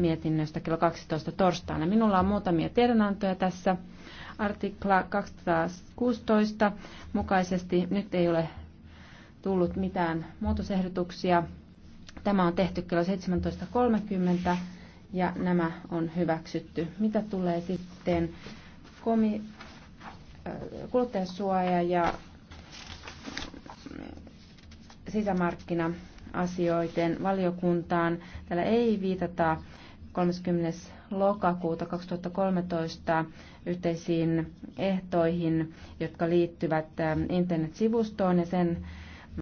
mietinnöstä kello 12 torstaina. Minulla on muutamia tiedonantoja tässä. Artikla 216 mukaisesti nyt ei ole tullut mitään muutosehdotuksia. Tämä on tehty kello 17.30 ja nämä on hyväksytty. Mitä tulee sitten komi- äh, kuluttajasuoja ja sisämarkkina asioiden valiokuntaan. Täällä ei viitata 30. lokakuuta 2013 yhteisiin ehtoihin, jotka liittyvät äh, internetsivustoon ja sen